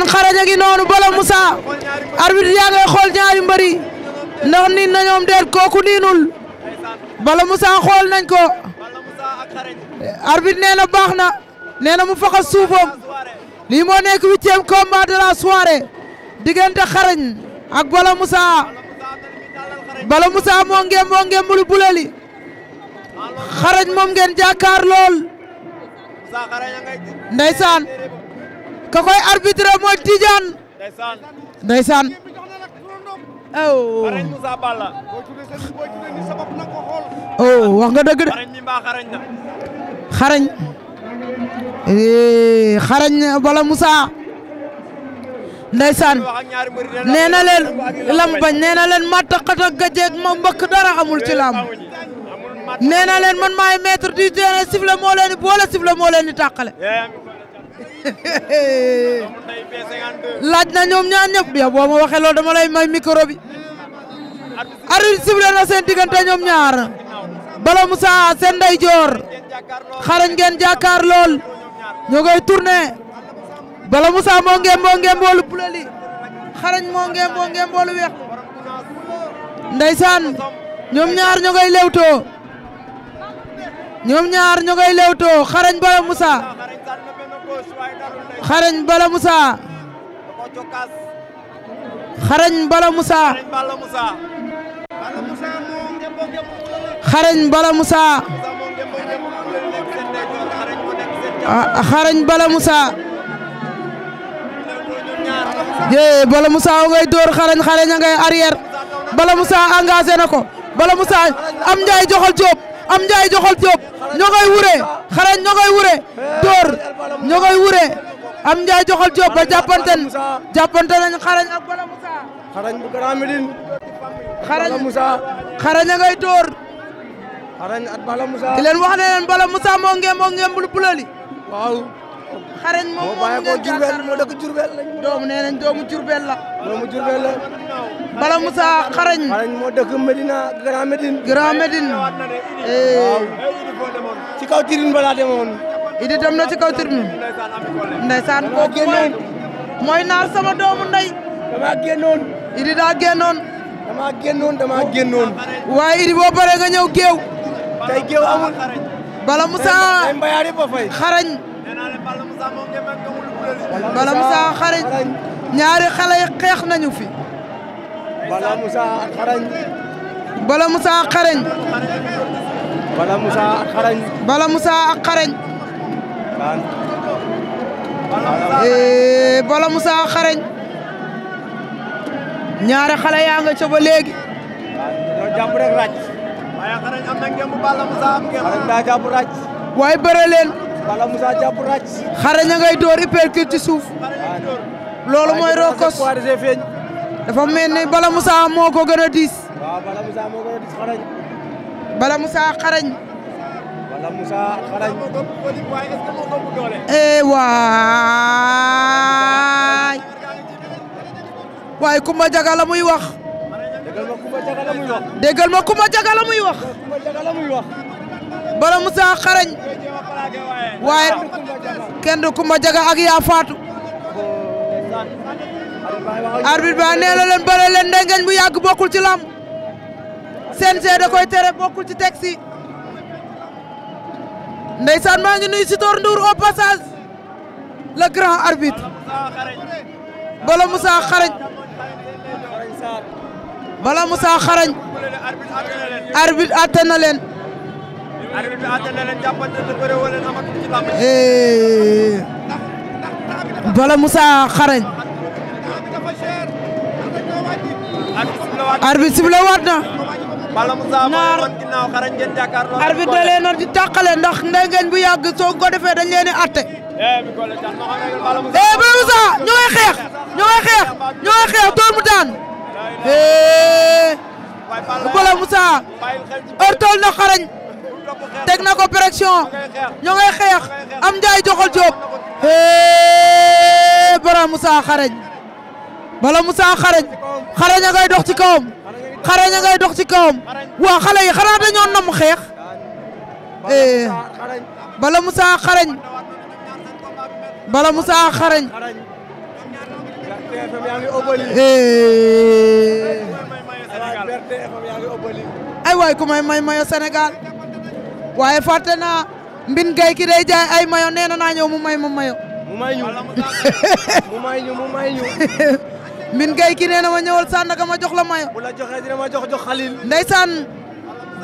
ndeysaan xaraña gi noonu bala Moussa arbitre yaa ngay xool ñaari mbëri ndax niin na ñoom deet kooku niinul bala Moussa xool nañ ko arbitre nee na baax na nee na mu faxa suufam lii moo nekk huitième combat de la soirée diggante xarañ ak bala Moussa bala Moussa moo ngem moo ngembul moom ngeen jàkkaar lool ndeysaan ka koy arbitre mooy Tidiane. ndeysaan ndeysaan. oh. wax nga dëgg de. xarañ. xarañ eh, bala Moussa. ndeysaan nee na leen lam bañ nee na leen ma taqat ak gajeeg ma mbëkk dara xamul ci lam nee leen man maay maître du terrain sifle moo leen boole sifle moo leen di tàqale laaj na ñoom ñaar ñëpp yow boo ma waxee dama lay may micro bi. arbitre na seen diggante ñoom ñaar Bala Moussa seen ndeyjoor xarañ ngeen jàkkaar lool ñoo koy Bala Moussa moo ngeen moo ngeen boolu bulali xarañ moo ngeen moo ngeen boolu weex ndeysaan ñoom ñaar ñoo koy ñoom ñaar ñoo koy lewtoo Bala Moussa xarañ bala Moussa xarañ bala Moussa xarañ bala Moussa ah, xarañ bala Moussa jee bala Moussa o ngay door xarañ xarañ a ngay arrière bala Moussa engagé na ko bala Moussa am njaay joxal Jóob am njaay joxol Diop ñoo koy wure xarañ ñoo koy wure dóor ñoo wure am njaay joxol Diop ba jàppanten jàppante nañ xarañ ak Bala Moussa xarañ bu Grand Médine xarañ Moussa a ngay dóor Bala Moussa di leen wax ne leen Bala Moussa moo xarañ mo moo bàyyi ko Diourbel dëkk Diourbel lañ. doomu nee doomu Diourbel la. doomu Diourbel la. Bala Moussa xarañ. xarañ moo dëkk Medina Grand Medine. Grand Medine. waaw. ci kaw tirin Idi dem na ci kaw tirin. ndeysaan kooku génnoon. mooy naar sama doomu ndey. damaa génnoon. Idi daa génnoon. damaa génnoon damaa génnoon. waaye Idi boo paree nga ñëw géew. tey géew amul. Bala Moussa xarañ. Bala Moussa xarañ ñaari xale yi xeex nañu fi. Bala Moussa xarañ. Bala Moussa xareñ Bala Moussa xarañ. Bala Moussa ak xarañ. Bala Moussa eh, xarañ. ñaari xale yaa nga ca ba léegi. waaw Bala Moussa jàpp ràcc. xare ña ngay door uppercut ci suuf. loolu mooy rokos dafa mel ni Bala Moussa moo ko gën a diis. waaw Bala Moussa moo gën a diis xarañ. Bala eh, waay. Kumba Jaga muy wax. déggal ma Kumba Jaga muy wax. déggal ma Kumba Jaga waaye kenn du Kumba Jaga ak Yaa Faatu arbitre ba nee na leen bëre leen bu yàgg bokkul ci lamb CNG da koy tere bokkul ci taxi ndeysaan maa ngi nuyu Sitor Ndour au passage la grand arbitre bala Moussa xarañ bala Moussa xarañ arbitre atte na leen arbitre bi àtte na leen jàppante te bëre wala amatul ci làmb. Eh, na. Bala di tàqale ndax ndengeñ bu yàgg soo ko defee dañ leen di àtte. eh Bala Moussa eh, ñu ngay xeex ñu ngay xeex ñu mu daan. eh Bala Moussa heure toll na Xarañ. teg na ko pression ñoo ngay xeex am njaay joxal Diop hee bara Moussa xarañ bala Moussa xarañ xarañ a ngay dox ci kawam xarañ a ngay dox ci kawam waa xale yi xanaa dañoo nam xeex ee bala Moussa xarañ bala Moussa xarañ ee ay waay ku may may mayo Sénégal waaye fàtte naa mbin gay ki day jaay ay mayo nee na naa ñëw mu may ma mayo mu may ñu mu may ñu mu may ñu mbin gay ki nee na ma ñëwal Sandaga ma jox la mayo bu la joxee dina ma jox jox xalil ndeysaan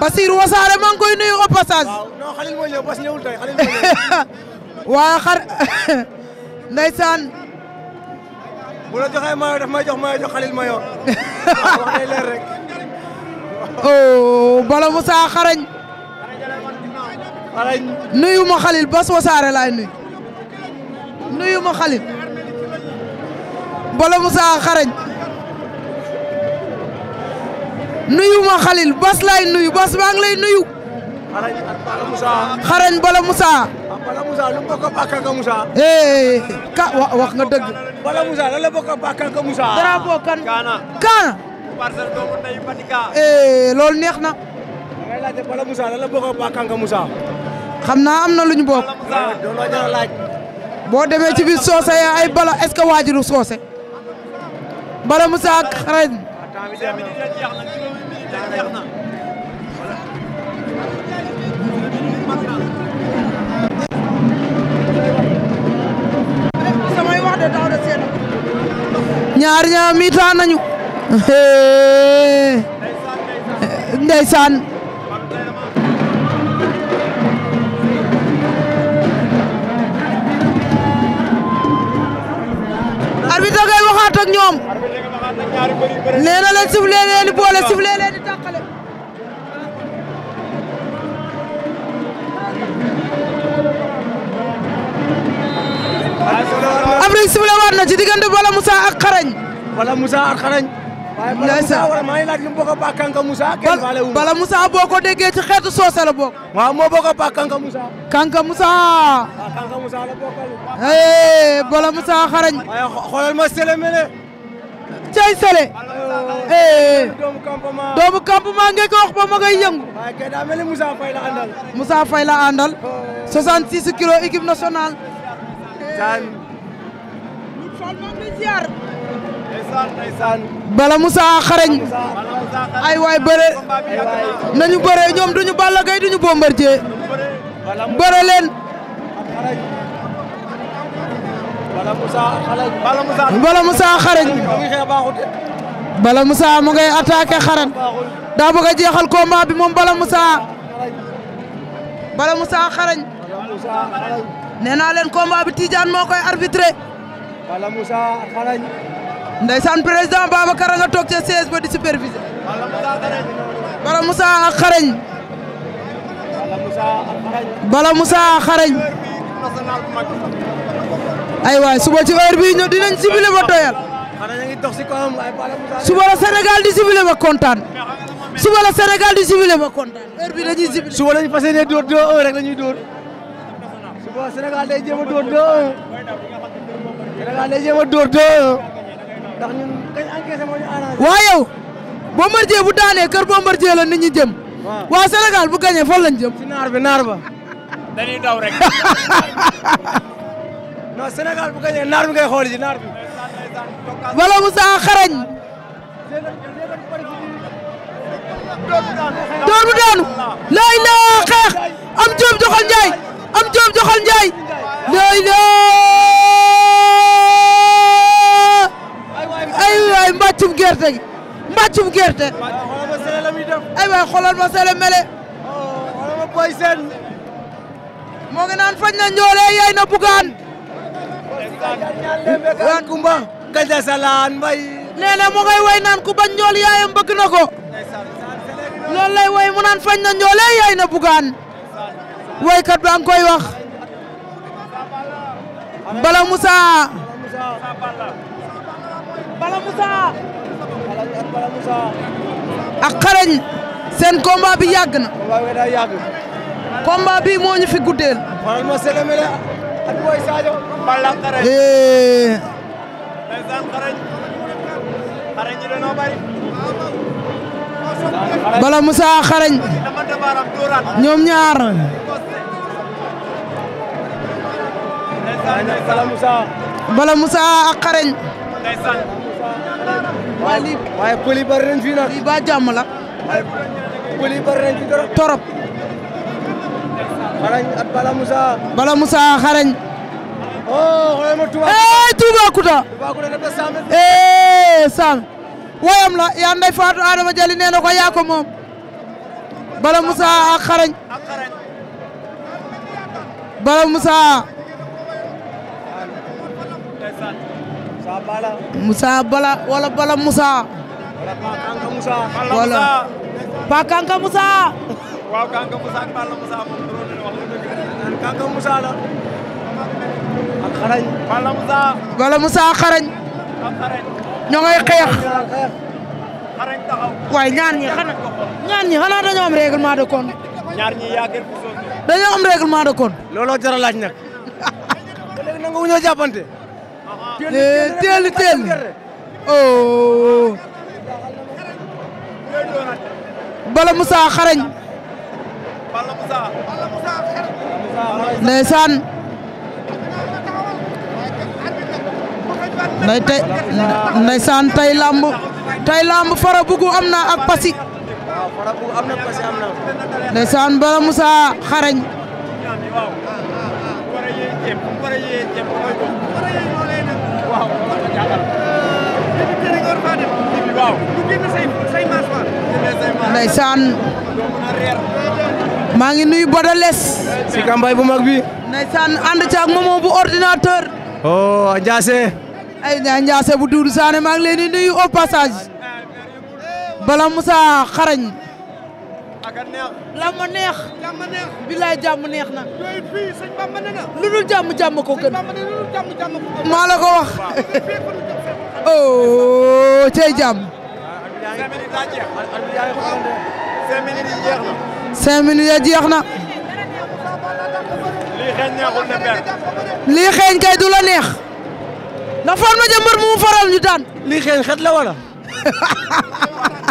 Basir Wassare maa ngi koy nuyu au passage non xalil mooy ñëw bas ñëwul tey xalil mooy ñëw waaye xar ndeysaan bu la joxee mayo daf may jox mayo jox xalil mayo wax day leer rek oh bala Moussa xarañ nuyu ma xalil bas wasaare laay nuyu nuyu ma xalil bala mu saa xarañ nuyu ma xalil bas laay nuyu bas maa lay nuyu xarañ bala mu saa bala Moussa eh, ka wax nga dëgg. bala Moussa lan la bokk ak Kanka Moussa. drapeau eh, neex na. da ngay laajte bala Moussa lan xam naa am na lu ñu bokk. boo demee ci biir soose ay bala est-ce que waajuru soose. bala Moussa ak xarañ. ñaar ñaar miitaan nañu. ndeysaan. arbitre ngay waxaat ak ñoom nee na leen sifflé leen di boole sifflé leen di tàqale Afrique sifflé waat na ci diggante Bala Moussa ak Xarañ Bala Moussa ak Xarañ ndeysaan wala maa ngi laaj lu mu bokk a baax Kanka Moussa. kenn faale wu boo ko déggee ci xeetu soose la bokk. waaw moo bokk a Kanka Moussa. Kanka Moussa. Kanka Moussa la bokkal. hey Bala Moussa xarañ. waaye ma Sele mele. Cey Sele. hey doomu campement. doomu campement wax ba ma ngay yëngu. waaye kay la àndal. Moussa Faye la àndal. 66 kilos équipe nationale. Sane. Bala Moussa xarañ ay waay bëre nañu bëre ñoom duñu Balla Gaye duñu Bombardier bëre leen Bala Moussa xarañ Bala Moussa mu ngay attaqué xarañ daa bëgg jeexal combat bi moom Bala Moussa Bala Moussa xarañ naa leen combat bi Tidiane moo koy arbitré Bala Moussa xarañ ndeysaan président Babacar nga toog ca siège ba di superviser Bala Moussa ak xarañ Bala Moussa xarañ national suba ci heure bii ñëw dinañ sibile ba doyal. suba la Sénégal di sibile ba kontaan. suba la Sénégal di sibile ba kontaan heure bii dañuy sibile. suba lañu fas yéenee dóor 2-1 la ñuy dóor. suba Sénégal day jéem a dóor 2-1. Sénégal bu daanee kër Bombardier la nit ñi jëm. waa Sénégal bu gagné fan lañ jëm. ci dañuy daw rek. non naar bi ngay xool ji naar bi. wala Moussa xarañ. door bu daanu. looy loo xeex am Diop joxal Ndiaye am Diop joxal Ndiaye. looy loo. ay waay mbàccum gerte gi mbàccum gerte. ay waay xoolal ma mele. Oh, moo ngi naan faj na njoole yey na bugaan waan kumba gaja salaan mbay nee na mu ngay naan ku bañ njool yaayam ko loolu lay way mu naan faj na njoole yey na bugaan waykat baa ngi koy wax Bala Moussa Bala Moussa ak xarañ na combat bi moo ñu fi guddeel. waral ma sële mi la ñoom ñaar. Bala Moussa. Bala Moussa ak Xarañ. ndeysaan. waaye lii waaye pël yi bari nañ fii nag. lii ba xarañ at Bala musa Bala Moussa xarañ. oh xoolee ma Touba. la yaa nday Fatou Adama Jali nee na ko yaa moom. Bala Moussa ak xarañ. Bala Moussa. Moussa Bala wala Bala Moussa. wala Pakanka Moussa. waaw Kanka Moussa ak Bala Moussa moom. Kanka Moussa la. ak xarañ. Balla yi Balla Moussa xarañ. ak xarañ. ñoo ngay xeex. xarañ taxaw. waaye ñaar ñi xanaa ñaar ñi xanaa dañoo am règlement de compte. ñaar ñi yaa quelque chose. dañoo am règlement de compte. a laaj nag. léegi nangu eh, oh. xarañ. ndeysaan nday tey ndeysaan tey làmb tey làmb fara bugu am na ak pasi ndeysaan Bala Moussa xarañ ndeysaan maa ngi nuyu Bodales. si kambay bu mag bi. ndeysaan ànd ci ak moom bu ordinateur. oh Ndiasse. ay Ndiasse bu Doudou Sané maa ngi leen di nuyu au passage. bala Moussa xarañ. la ma neex. la ma neex. jàmm neex na. yooyu fii sëñ Bamba ne na. ko gën. maa la ko wax. oh cey jàmm. cinq minutes ya jeex na lii xeeñ kay la neex ndax foog na jëmbër mu faral ñu daan lii xeeñ xet la wala